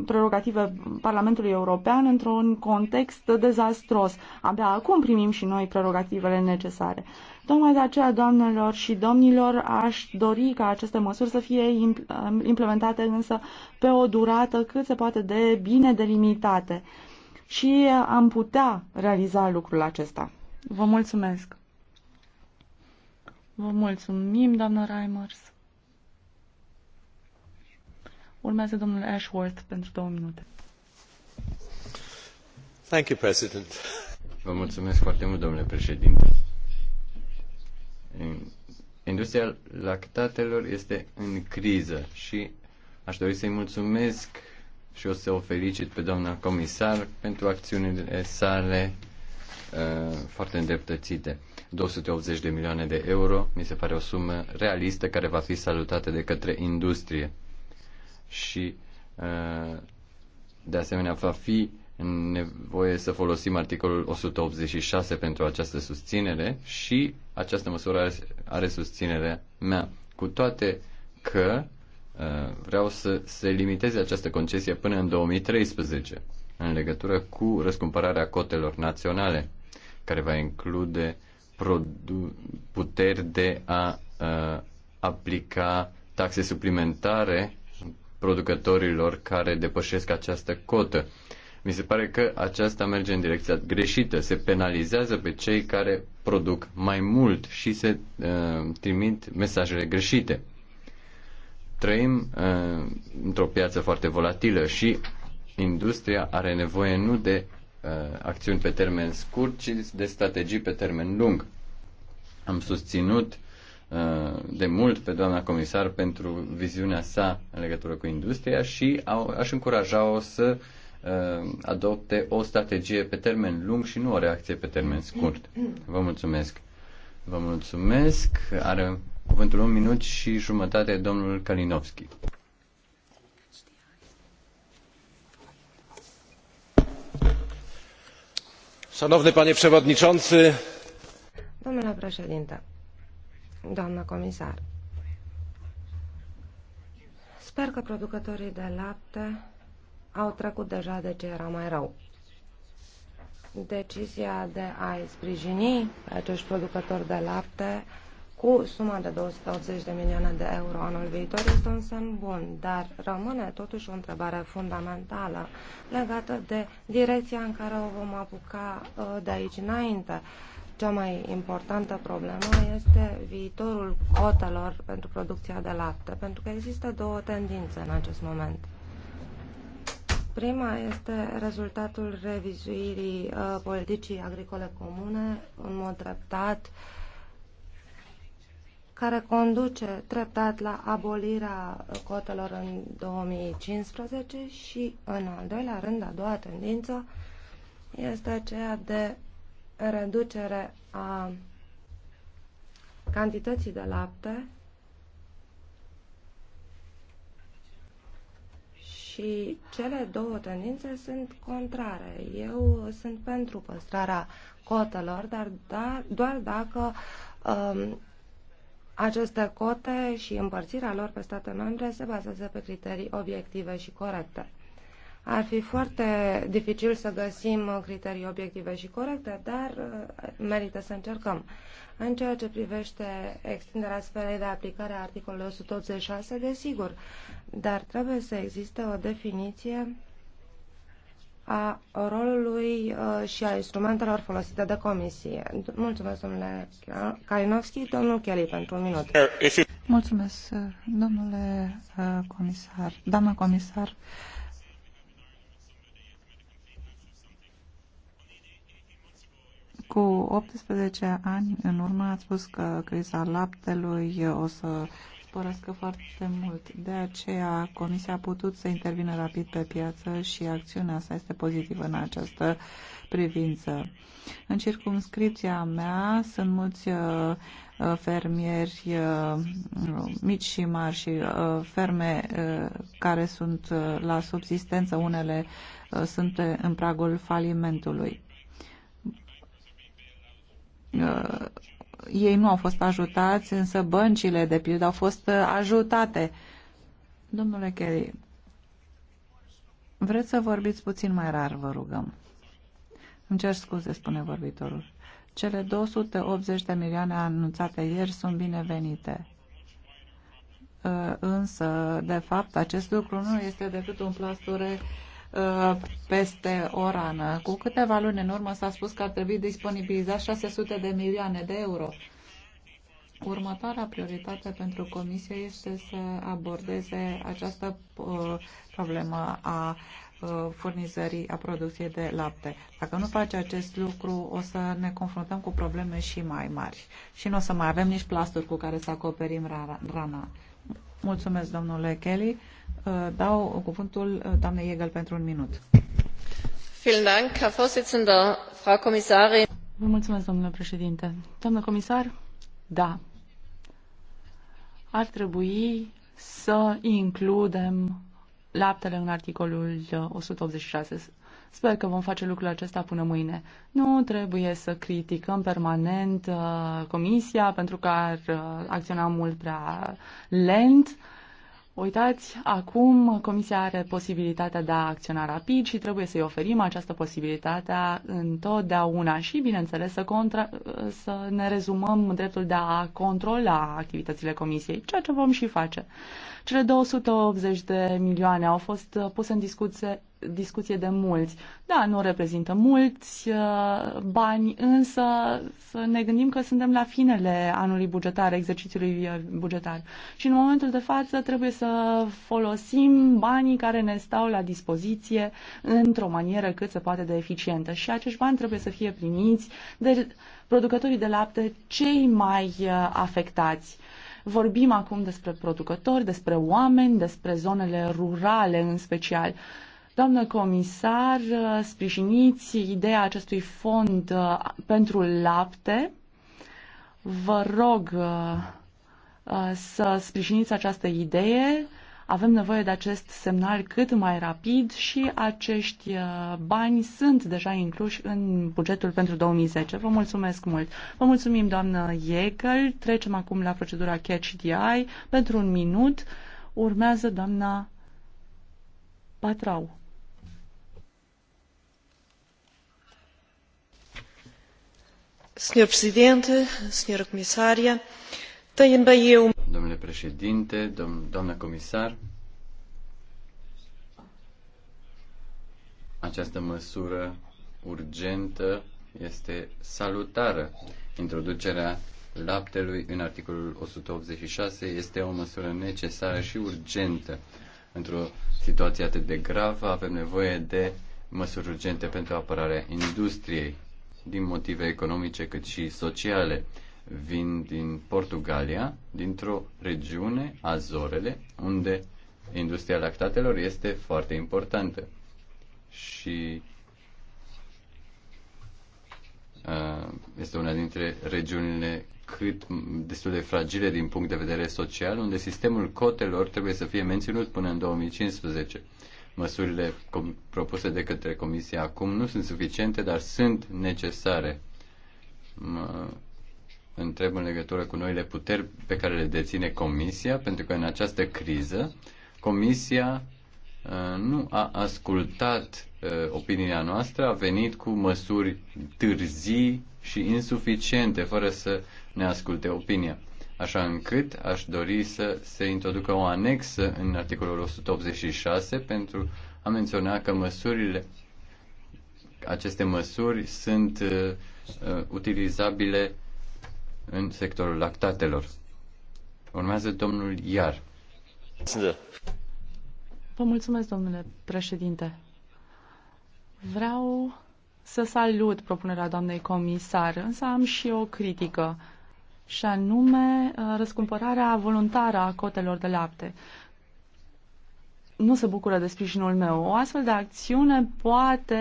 prerogative Parlamentului European într-un context dezastros. Abia acum primim și noi prerogativele necesare. Tocmai de aceea, doamnelor și domnilor, aș dori ca aceste măsuri să fie uh, implementate însă pe o durată cât se poate de bine delimitate și am putea realiza lucrul acesta. Vă mulțumesc! Vă mulțumim, doamnă Reimers! Urmează domnul Ashworth pentru două minute. Thank you, President. Vă mulțumesc foarte mult, domnule președinte. Industria lactatelor este în criză și aș dori să-i mulțumesc și o să o felicit pe doamna comisar pentru acțiunile sale uh, foarte îndreptățite. 280 de milioane de euro mi se pare o sumă realistă care va fi salutată de către industrie. Și uh, de asemenea va fi nevoie să folosim articolul 186 pentru această susținere și această măsură are, are susținerea mea. Cu toate că uh, vreau să se limiteze această concesie până în 2013 în legătură cu răscumpărarea cotelor naționale, care va include puteri de a uh, aplica taxe suplimentare producătorilor care depășesc această cotă. Uh, mi se pare că aceasta merge în direcția greșită. Se penalizează pe cei care produc mai mult și se uh, trimit mesajele greșite. Trăim uh, într-o piață foarte volatilă și industria are nevoie nu de uh, acțiuni pe termen scurt, ci de strategii pe termen lung. Am susținut uh, de mult pe doamna comisar pentru viziunea sa în legătură cu industria și au, aș încuraja-o să uh, Uh, adopte o strategie pe termen lung și nu o reacție pe termen scurt. Vă mulțumesc. Vă mulțumesc. Are cuvântul un minut și jumătate domnul Kalinowski. Szanowny panie przewodniczący. Domnule președinte, doamnă comisar, sper că producătorii de lapte au trecut deja de ce era mai rău. Decizia de a-i sprijini pe acești producători de lapte cu suma de 280 de milioane de euro anul viitor este un semn bun, dar rămâne totuși o întrebare fundamentală legată de direcția în care o vom apuca uh, de aici înainte. Cea mai importantă problemă este viitorul cotelor pentru producția de lapte, pentru că există două tendințe în acest moment. Prima este rezultatul revizuirii uh, politicii agricole comune în mod treptat, care conduce treptat la abolirea uh, cotelor în 2015 și, în al doilea rând, a doua tendință este aceea de reducere a cantității de lapte și cele două tendințe sunt contrare. Eu sunt pentru păstrarea cotelor, dar da, doar dacă um, aceste cote și împărțirea lor pe state membre se bazează pe criterii obiective și corecte. Ar fi foarte dificil să găsim criterii obiective și corecte, dar uh, merită să încercăm. În ceea ce privește extinderea sferei de aplicare a articolului 186, desigur, dar trebuie să existe o definiție a rolului uh, și a instrumentelor folosite de comisie. Mulțumesc, domnule Kalinowski. Domnul Kelly, pentru un minut. Mulțumesc, domnule uh, comisar. Doamna comisar, Cu 18 ani în urmă ați spus că criza laptelui o să sporească foarte mult. De aceea Comisia a putut să intervină rapid pe piață și acțiunea sa este pozitivă în această privință. În circumscripția mea sunt mulți uh, uh, fermieri uh, mici și mari și ferme care sunt la subsistență, unele sunt în pragul falimentului uh, ei nu au fost ajutați, însă băncile, de pildă, au fost uh, ajutate. Domnule Kelly, vreți să vorbiți puțin mai rar, vă rugăm. Îmi cer scuze, spune vorbitorul. Cele 280 de milioane anunțate ieri sunt binevenite. Uh, însă, de fapt, acest lucru nu este decât un plasture peste o rană. Cu câteva luni în urmă s-a spus că ar trebui disponibilizat 600 de milioane de euro. Următoarea prioritate pentru Comisie este să abordeze această uh, problemă a uh, furnizării, a producției de lapte. Dacă nu face acest lucru, o să ne confruntăm cu probleme și mai mari și nu o să mai avem nici plasturi cu care să acoperim rana. Mulțumesc, domnule Kelly. Uh, dau cuvântul uh, doamnei Egel pentru un minut. Vă mulțumesc, domnule președinte. Doamnă comisar, da, ar trebui să includem laptele în articolul uh, 186. Sper că vom face lucrul acesta până mâine. Nu trebuie să criticăm permanent uh, Comisia pentru că ar uh, acționa mult prea lent. Uitați, acum Comisia are posibilitatea de a acționa rapid și trebuie să-i oferim această posibilitate întotdeauna și, bineînțeles, să, contra, uh, să ne rezumăm dreptul de a controla activitățile Comisiei, ceea ce vom și face. Cele 280 de milioane au fost uh, puse în discuție discuție de mulți. Da, nu reprezintă mulți uh, bani, însă să ne gândim că suntem la finele anului bugetar, exercițiului uh, bugetar. Și în momentul de față trebuie să folosim banii care ne stau la dispoziție într-o manieră cât se poate de eficientă. Și acești bani trebuie să fie primiți de producătorii de lapte cei mai uh, afectați. Vorbim acum despre producători, despre oameni, despre zonele rurale în special. Doamnă comisar, sprijiniți ideea acestui fond uh, pentru lapte. Vă rog uh, uh, să sprijiniți această idee. Avem nevoie de acest semnal cât mai rapid și acești bani sunt deja incluși în bugetul pentru 2010. Vă mulțumesc mult. Vă mulțumim, doamnă Iegel. Trecem acum la procedura Catch Pentru un minut urmează doamna Patrau. Um- Domnule președinte, dom comisar, această măsură urgentă este salutară. Introducerea laptelui în articolul 186 este o măsură necesară și urgentă. Într-o situație atât de gravă avem nevoie de măsuri urgente pentru apărarea industriei din motive economice cât și sociale. Vin din Portugalia, dintr-o regiune, Azorele, unde industria lactatelor este foarte importantă. Și este una dintre regiunile cât destul de fragile din punct de vedere social, unde sistemul cotelor trebuie să fie menținut până în 2015. Măsurile propuse de către Comisie acum nu sunt suficiente, dar sunt necesare. Mă întreb în legătură cu noile puteri pe care le deține Comisia, pentru că în această criză Comisia uh, nu a ascultat uh, opinia noastră, a venit cu măsuri târzii și insuficiente, fără să ne asculte opinia așa încât aș dori să se introducă o anexă în articolul 186 pentru a menționa că măsurile, aceste măsuri sunt uh, uh, utilizabile în sectorul lactatelor. Urmează domnul Iar. Vă mulțumesc, domnule președinte. Vreau să salut propunerea doamnei comisar, însă am și o critică și anume uh, răscumpărarea voluntară a cotelor de lapte. Nu se bucură de sprijinul meu. O astfel de acțiune poate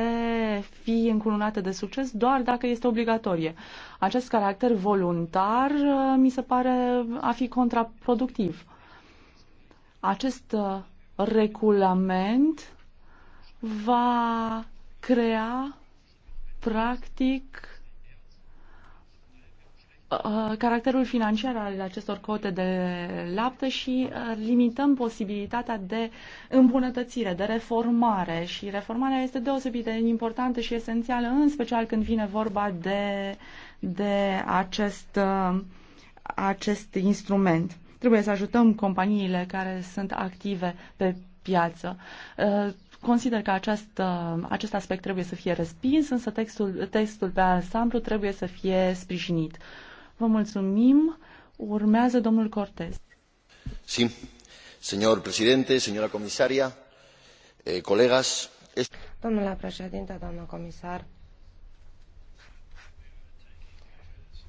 fi încununată de succes doar dacă este obligatorie. Acest caracter voluntar uh, mi se pare a fi contraproductiv. Acest uh, regulament va crea practic Uh, caracterul financiar al acestor cote de lapte și uh, limităm posibilitatea de îmbunătățire, de reformare și reformarea este deosebit de importantă și esențială, în special când vine vorba de, de acest, uh, acest instrument. Trebuie să ajutăm companiile care sunt active pe piață consider că acest, acest aspect trebuie să fie respins, însă textul, textul pe ansamblu trebuie să fie sprijinit. Vă mulțumim. Urmează domnul Cortez. Sí. Señor presidente, señora comisaria, eh, colegas. Domnule președinte, doamnă comisar,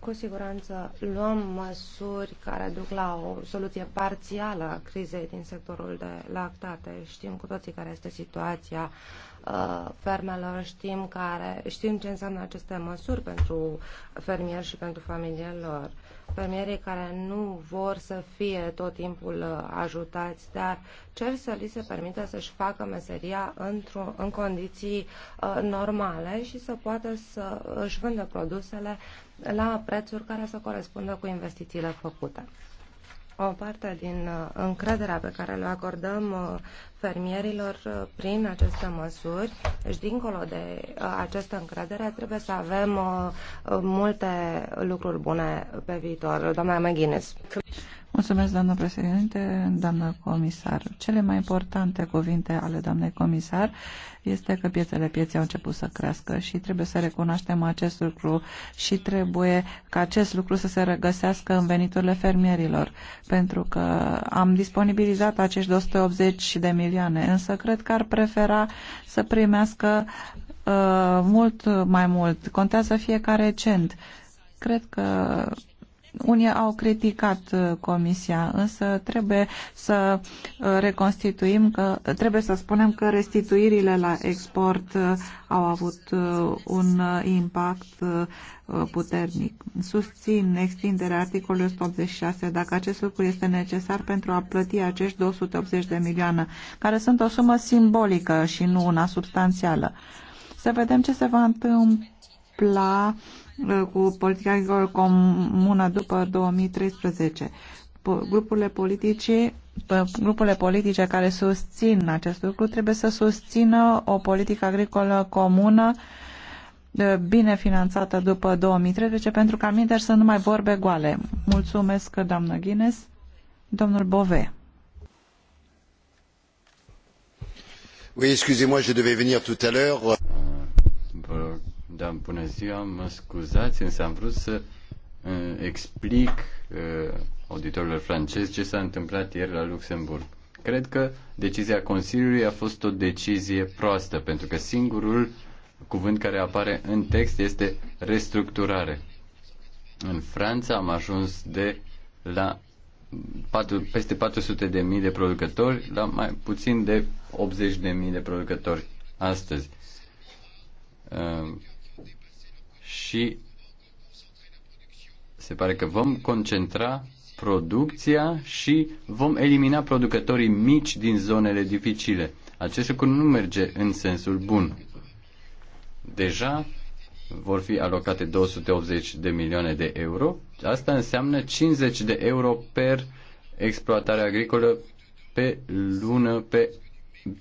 Cu siguranță luăm măsuri care duc la o soluție parțială a crizei din sectorul de lactate. Știm cu toții care este situația uh, fermelor, știm, care, știm ce înseamnă aceste măsuri pentru fermieri și pentru familiile lor. Uh, fermierii care nu vor să fie tot timpul uh, ajutați, dar cer să li se permită să-și facă meseria în condiții uh, normale și să poată să își vândă produsele la prețuri care să corespundă cu investițiile făcute. O parte din uh, încrederea pe care le acordăm uh, fermierilor uh, prin aceste măsuri, deci dincolo de această încredere, trebuie să avem multe lucruri bune pe viitor. Doamna McGuinness. Mulțumesc, doamnă președinte, doamnă comisar. Cele mai importante cuvinte ale doamnei comisar este că piețele pieței au început să crească și trebuie să recunoaștem acest lucru și trebuie ca acest lucru să se regăsească în veniturile fermierilor, pentru că am disponibilizat acești 280 de milioane, însă cred că ar prefera să primească uh, mult mai mult. Contează fiecare cent. Cred că unii au criticat uh, Comisia, însă trebuie să uh, reconstituim că trebuie să spunem că restituirile la export uh, au avut un impact puternic. Susțin extinderea articolului 186 dacă acest lucru este necesar pentru a plăti acești 280 de milioane, care sunt o sumă simbolică și nu una substanțială. Să vedem ce se va întâmpla Uh, cu politica agricolă comună după 2013. Grupurile politice, grupurile politice care susțin acest lucru trebuie să susțină o politică agricolă comună uh, bine finanțată după 2013 pentru că aminte să nu mai vorbe goale. Mulțumesc, doamnă Guinness. Domnul Bove. Oui, excusez-moi, je devais venir tout à l'heure. Da, bună ziua, mă scuzați, însă am vrut să uh, explic uh, auditorilor francezi ce s-a întâmplat ieri la Luxemburg. Cred că decizia Consiliului a fost o decizie proastă, pentru că singurul cuvânt care apare în text este restructurare. În Franța am ajuns de la 4, peste 400 de mii de producători la mai puțin de 80 de mii de producători astăzi. Uh, și se pare că vom concentra producția și vom elimina producătorii mici din zonele dificile. Acest lucru nu merge în sensul bun. Deja vor fi alocate 280 de milioane de euro. Asta înseamnă 50 de euro per exploatare agricolă pe lună pe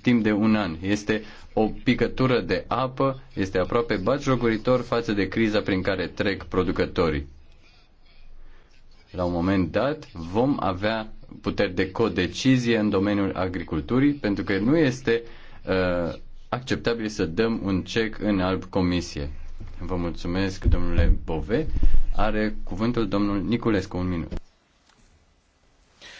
timp de un an. Este o picătură de apă, este aproape batjocoritor față de criza prin care trec producătorii. La un moment dat vom avea puteri de codecizie în domeniul agriculturii, pentru că nu este uh, acceptabil să dăm un cec în alb comisie. Vă mulțumesc, domnule Bove. Are cuvântul domnul Niculescu, un minut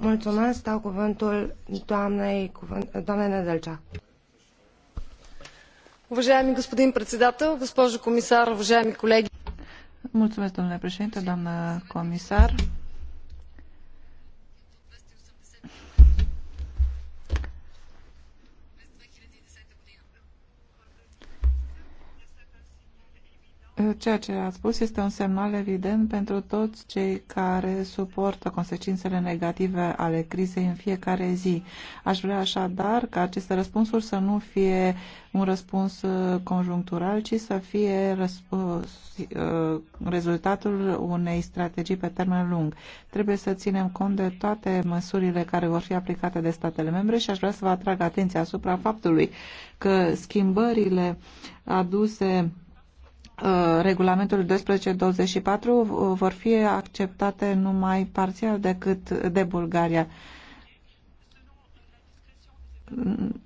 Mulțumesc, dau cuvântul doamnei, doamnei Nedelcea. Уважаеми господин председател, госпожо комисар, уважаеми колеги. Mulțumesc, domnule președinte, doamnă comisar. ceea ce a spus este un semnal evident pentru toți cei care suportă consecințele negative ale crizei în fiecare zi. Aș vrea așadar ca aceste răspunsuri să nu fie un răspuns uh, conjunctural, ci să fie uh, uh, rezultatul unei strategii pe termen lung. Trebuie să ținem cont de toate măsurile care vor fi aplicate de statele membre și aș vrea să vă atrag atenția asupra faptului că schimbările aduse Uh, regulamentul 1224 uh, vor fi acceptate numai parțial decât de Bulgaria. Mm,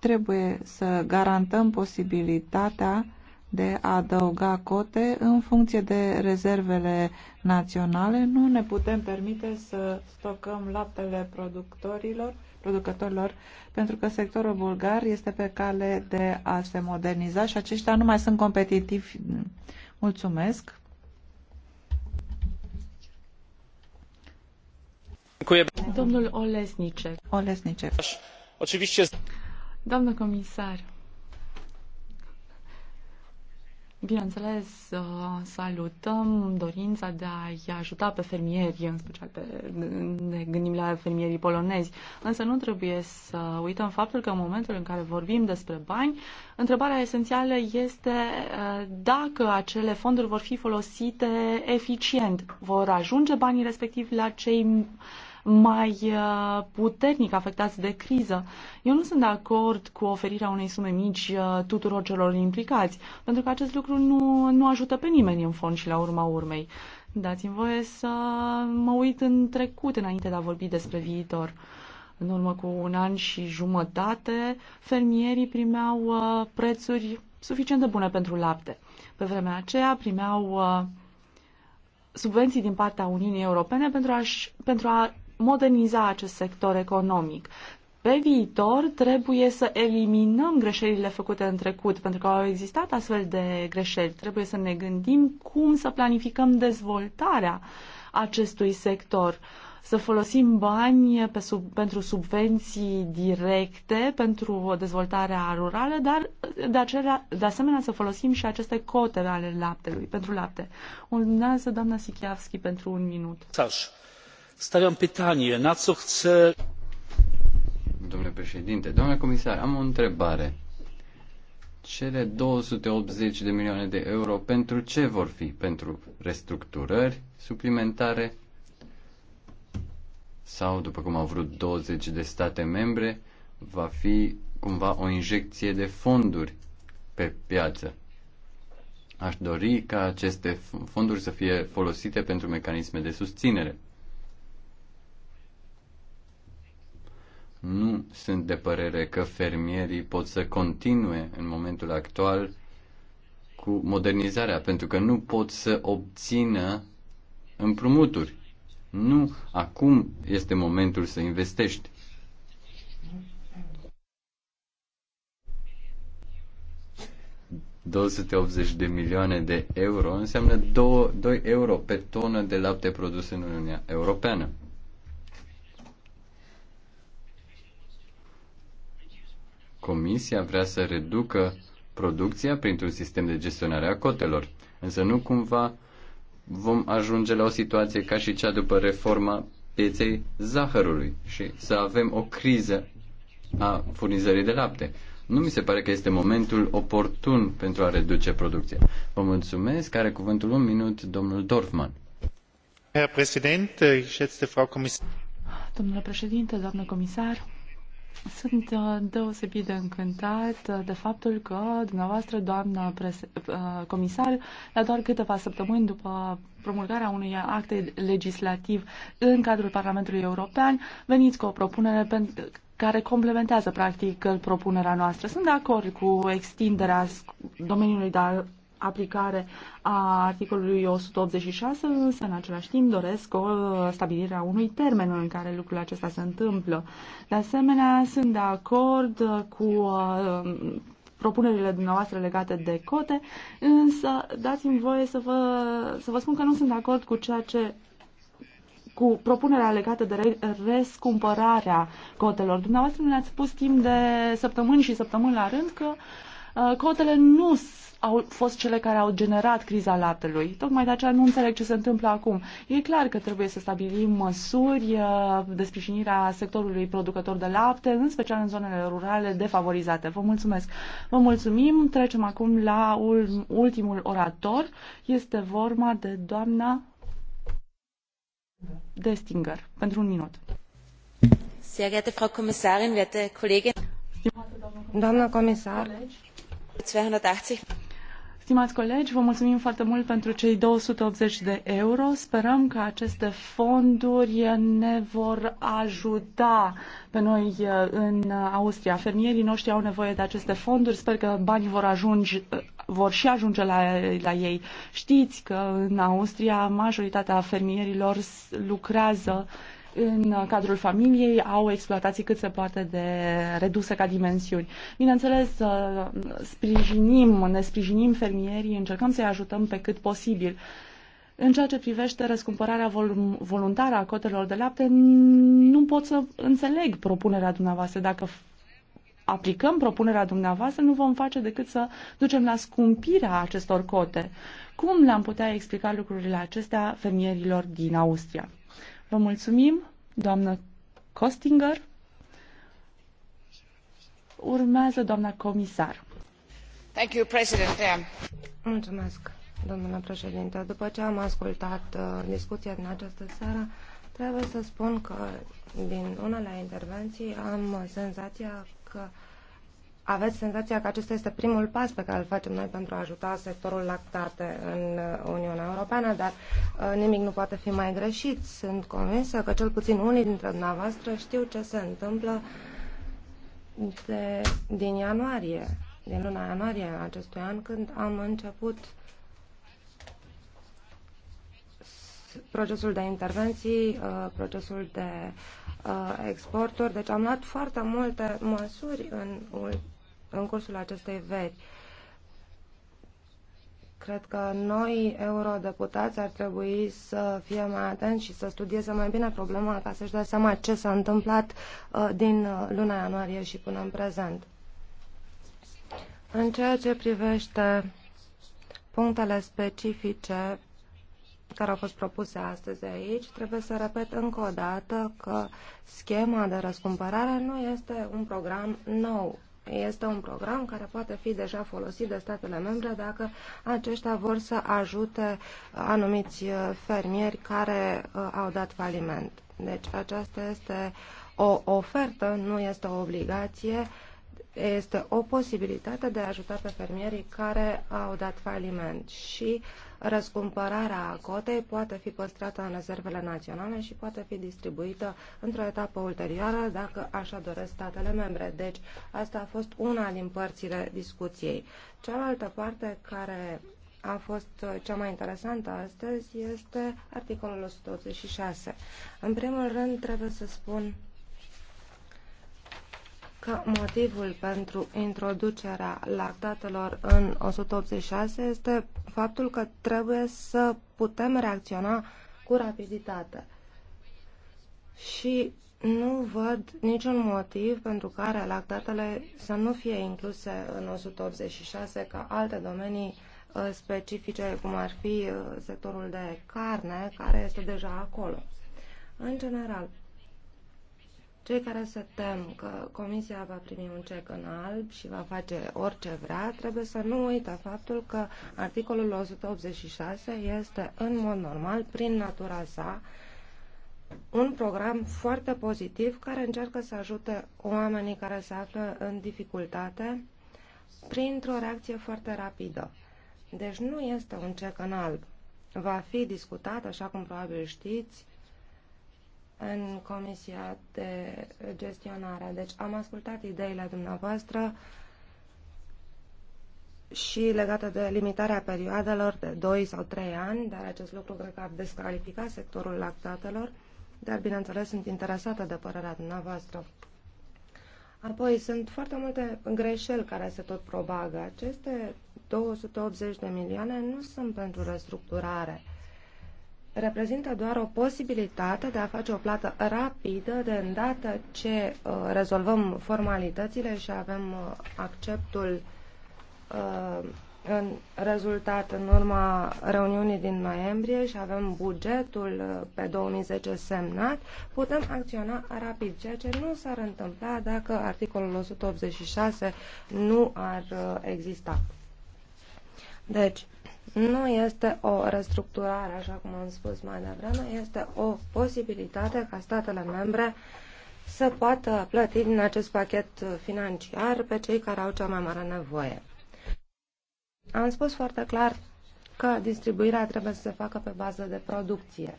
trebuie să garantăm posibilitatea de a adăuga cote în funcție de rezervele naționale. Nu ne putem permite să stocăm laptele productorilor producătorilor, pentru că sectorul bulgar este pe cale de a se moderniza și aceștia nu mai sunt competitivi. Mulțumesc! Domnul Olesnicek. Olesnicek. Doamnă comisar, Bineînțeles, uh, salutăm dorința de a-i ajuta pe fermieri, în special pe, ne gândim la fermierii polonezi, însă nu trebuie să uităm faptul că în momentul în care vorbim despre bani, întrebarea esențială este uh, dacă acele fonduri vor fi folosite eficient, vor ajunge banii respectiv la cei mai uh, puternic afectați de criză. Eu nu sunt de acord cu oferirea unei sume mici uh, tuturor celor implicați, pentru că acest lucru nu, nu ajută pe nimeni în fond și la urma urmei. Dați-mi voie să mă uit în trecut înainte de a vorbi despre viitor. În urmă cu un an și jumătate, fermierii primeau uh, prețuri suficient de bune pentru lapte. Pe vremea aceea primeau subvenții din partea Uniunii Europene pentru, a pentru a moderniza acest sector economic. Pe viitor trebuie să eliminăm greșelile făcute în trecut, pentru că au existat astfel de greșeli. Trebuie să ne gândim cum să planificăm dezvoltarea acestui sector să folosim bani pe sub, pentru subvenții directe pentru dezvoltarea rurală, dar de, acelea, de asemenea să folosim și aceste cote ale laptelui pentru lapte. Urmează doamna Sikiavski pentru un minut. Saș stawiam pytanie na co chce Domnule președinte, domnule comisar, am o întrebare. Cele 280 de milioane de euro pentru ce vor fi? Pentru restructurări suplimentare? Sau, după cum au vrut 20 de state membre, va fi cumva o injecție de fonduri pe piață? Aș dori ca aceste fonduri să fie folosite pentru mecanisme de susținere. Nu sunt de părere că fermierii pot să continue în momentul actual cu modernizarea, pentru că nu pot să obțină împrumuturi. Nu acum este momentul să investești. ...280 de milioane de euro înseamnă 2, 2 euro pe tonă de lapte produs în Uniunea Europeană. Comisia vrea să reducă producția printr-un sistem de gestionare a cotelor, însă nu cumva vom ajunge la o situație ca și cea după reforma pieței zahărului și să avem o criză a furnizării de lapte. Nu mi se pare că este momentul oportun pentru a reduce producția. Vă mulțumesc. Are cuvântul un minut domnul Dorfman. Herr Präsident, Frau Kommissar. Domnule președinte, doamnă comisar, sunt uh, deosebit de încântat de faptul că dumneavoastră, doamna uh, comisar, la doar câteva săptămâni după promulgarea unui act legislativ în cadrul Parlamentului European, veniți cu o propunere care complementează, practic, propunerea noastră. Sunt de acord cu extinderea domeniului de aplicare a articolului 186, însă în același timp doresc o stabilire a unui termen în care lucrul acesta se întâmplă. De asemenea, sunt de acord cu uh, propunerile dumneavoastră legate de cote, însă dați-mi voie să vă, să vă spun că nu sunt de acord cu ceea ce cu propunerea legată de rescumpărarea cotelor. Dumneavoastră ne-ați spus timp de săptămâni și săptămâni la rând că uh, cotele nu au fost cele care au generat criza laptelui. Tocmai de aceea nu înțeleg ce se întâmplă acum. E clar că trebuie să stabilim măsuri uh, de sprijinire a sectorului producător de lapte, în special în zonele rurale defavorizate. Vă mulțumesc! Vă mulțumim! Trecem acum la ultimul orator. Este vorba de doamna Destinger, pentru un minut. Doamna comisar, 280 Stimați colegi, vă mulțumim foarte mult pentru cei 280 de euro. Sperăm că aceste fonduri ne vor ajuta pe noi uh, în Austria. Fermierii noștri au nevoie de aceste fonduri. Sper că banii vor ajunge uh, vor și ajunge la, la ei. Știți că în Austria majoritatea fermierilor lucrează uh, în cadrul familiei au exploatații cât se poate de reduse ca dimensiuni. Bineînțeles, uh, sprijinim, ne sprijinim fermierii, încercăm să-i ajutăm pe cât posibil. În ceea ce privește răscumpărarea vol- voluntară a cotelor de lapte, nu pot să înțeleg propunerea dumneavoastră. Dacă aplicăm propunerea dumneavoastră, nu vom face decât să ducem la scumpirea acestor cote. Cum le-am putea explica lucrurile acestea fermierilor din Austria? Vă mulțumim, doamnă Costinger. Urmează doamna comisar. Thank you, President. Mulțumesc, domnule președinte. După ce am ascultat uh, discuția din această seară, trebuie să spun că din unele intervenții am senzația că uh, aveți senzația că acesta este primul pas pe care îl facem noi pentru a ajuta sectorul lactate în uh, Uniunea Europeană, dar uh, nimic nu poate fi mai greșit. Sunt convinsă că cel puțin unii dintre dumneavoastră știu ce se întâmplă de, din ianuarie, din luna ianuarie acestui an, când am început procesul de intervenții, uh, procesul de exporturi. Deci am luat foarte multe măsuri în în cursul acestei veri. Cred că noi, eurodeputați, ar trebui să fie mai atenți și să studieze mai bine problema ca să-și dea seama ce s-a întâmplat uh, din uh, luna ianuarie și până în prezent. În ceea ce privește punctele specifice care au fost propuse astăzi aici, trebuie să repet încă o dată că schema de răscumpărare nu este un program nou. Este un program care poate fi deja folosit de statele membre dacă aceștia vor să ajute anumiți uh, fermieri care uh, au dat faliment. Deci aceasta este o ofertă, nu este o obligație este o posibilitate de a ajuta pe fermierii care au dat faliment și răscumpărarea cotei poate fi păstrată în rezervele naționale și poate fi distribuită într-o etapă ulterioară dacă așa doresc statele membre. Deci asta a fost una din părțile discuției. Cealaltă parte care a fost cea mai interesantă astăzi este articolul 186. În primul rând trebuie să spun că motivul pentru introducerea lactatelor în 186 este faptul că trebuie să putem reacționa cu rapiditate. Și nu văd niciun motiv pentru care lactatele să nu fie incluse în 186 ca alte domenii uh, specifice, cum ar fi uh, sectorul de carne, care este deja acolo. În general, cei care se tem că Comisia va primi un cec în alb și va face orice vrea, trebuie să nu uită faptul că articolul 186 este, în mod normal, prin natura sa, un program foarte pozitiv care încearcă să ajute oamenii care se află în dificultate printr-o reacție foarte rapidă. Deci nu este un cec în alb. Va fi discutat, așa cum probabil știți, în Comisia de Gestionare. Deci am ascultat ideile dumneavoastră și legată de limitarea perioadelor de 2 sau 3 ani, dar acest lucru cred că ar descalifica sectorul lactatelor, dar bineînțeles sunt interesată de părerea dumneavoastră. Apoi sunt foarte multe greșeli care se tot probagă. Aceste 280 de milioane nu sunt pentru restructurare reprezintă doar o posibilitate de a face o plată rapidă de îndată ce uh, rezolvăm formalitățile și avem uh, acceptul uh, în rezultat în urma reuniunii din noiembrie și avem bugetul uh, pe 2010 semnat, putem acționa rapid, ceea ce nu s-ar întâmpla dacă articolul 186 nu ar uh, exista. Deci, nu este o restructurare, așa cum am spus mai devreme, este o posibilitate ca statele membre să poată plăti din acest pachet financiar pe cei care au cea mai mare nevoie. Am spus foarte clar că distribuirea trebuie să se facă pe bază de producție.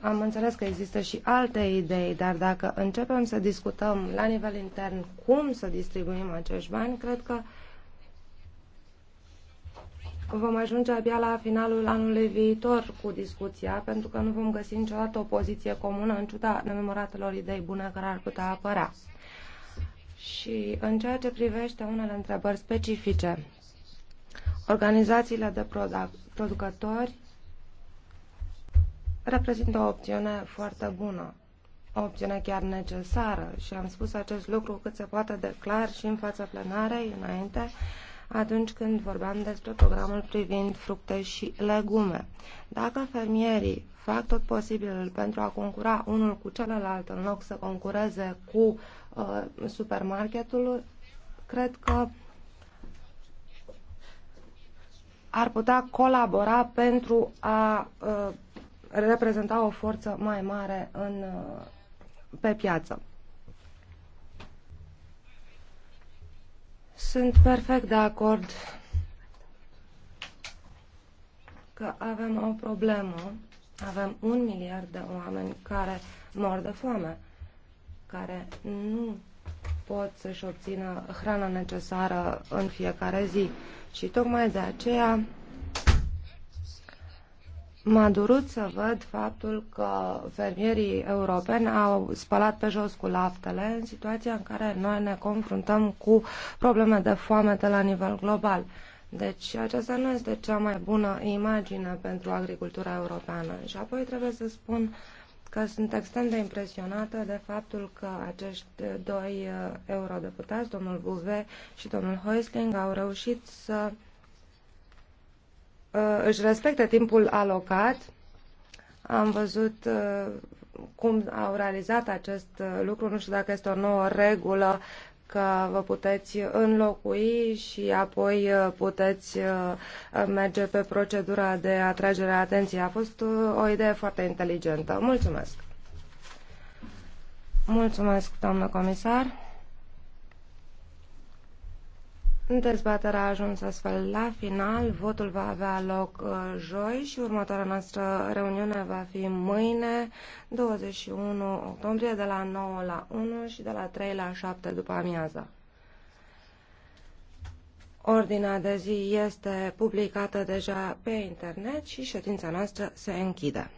Am înțeles că există și alte idei, dar dacă începem să discutăm la nivel intern cum să distribuim acești bani, cred că vom ajunge abia la finalul anului viitor cu discuția, pentru că nu vom găsi niciodată o poziție comună în ciuda nememoratelor idei bune care ar putea apărea. Și în ceea ce privește unele întrebări specifice, organizațiile de producători reprezintă o opțiune foarte bună, o opțiune chiar necesară și am spus acest lucru cât se poate de clar și în fața plenarei înainte, atunci când vorbeam despre programul privind fructe și legume. Dacă fermierii fac tot posibilul pentru a concura unul cu celălalt în loc să concureze cu uh, supermarketul, cred că ar putea colabora pentru a uh, reprezenta o forță mai mare în, uh, pe piață. Sunt perfect de acord că avem o problemă. Avem un miliard de oameni care mor de foame, care nu pot să-și obțină hrana necesară în fiecare zi. Și tocmai de aceea M-a durut să văd faptul că fermierii europeni au spălat pe jos cu laftele în situația în care noi ne confruntăm cu probleme de de la nivel global. Deci aceasta nu este cea mai bună imagine pentru agricultura europeană. Și apoi trebuie să spun că sunt extrem de impresionată de faptul că acești doi uh, eurodeputați, domnul Buve și domnul Hoisling, au reușit să Uh, își respectă timpul alocat. Am văzut uh, cum au realizat acest uh, lucru. Nu știu dacă este o nouă regulă că vă puteți înlocui și apoi puteți merge pe procedura de atragere a atenției. A fost o idee foarte inteligentă. Mulțumesc! Mulțumesc, doamnă comisar! Dezbaterea a ajuns astfel la final. Votul va avea loc uh, joi și următoarea noastră reuniune va fi mâine, 21 octombrie, de la 9 la 1 și de la 3 la 7 după amiază. Ordinea de zi este publicată deja pe internet și ședința noastră se închide.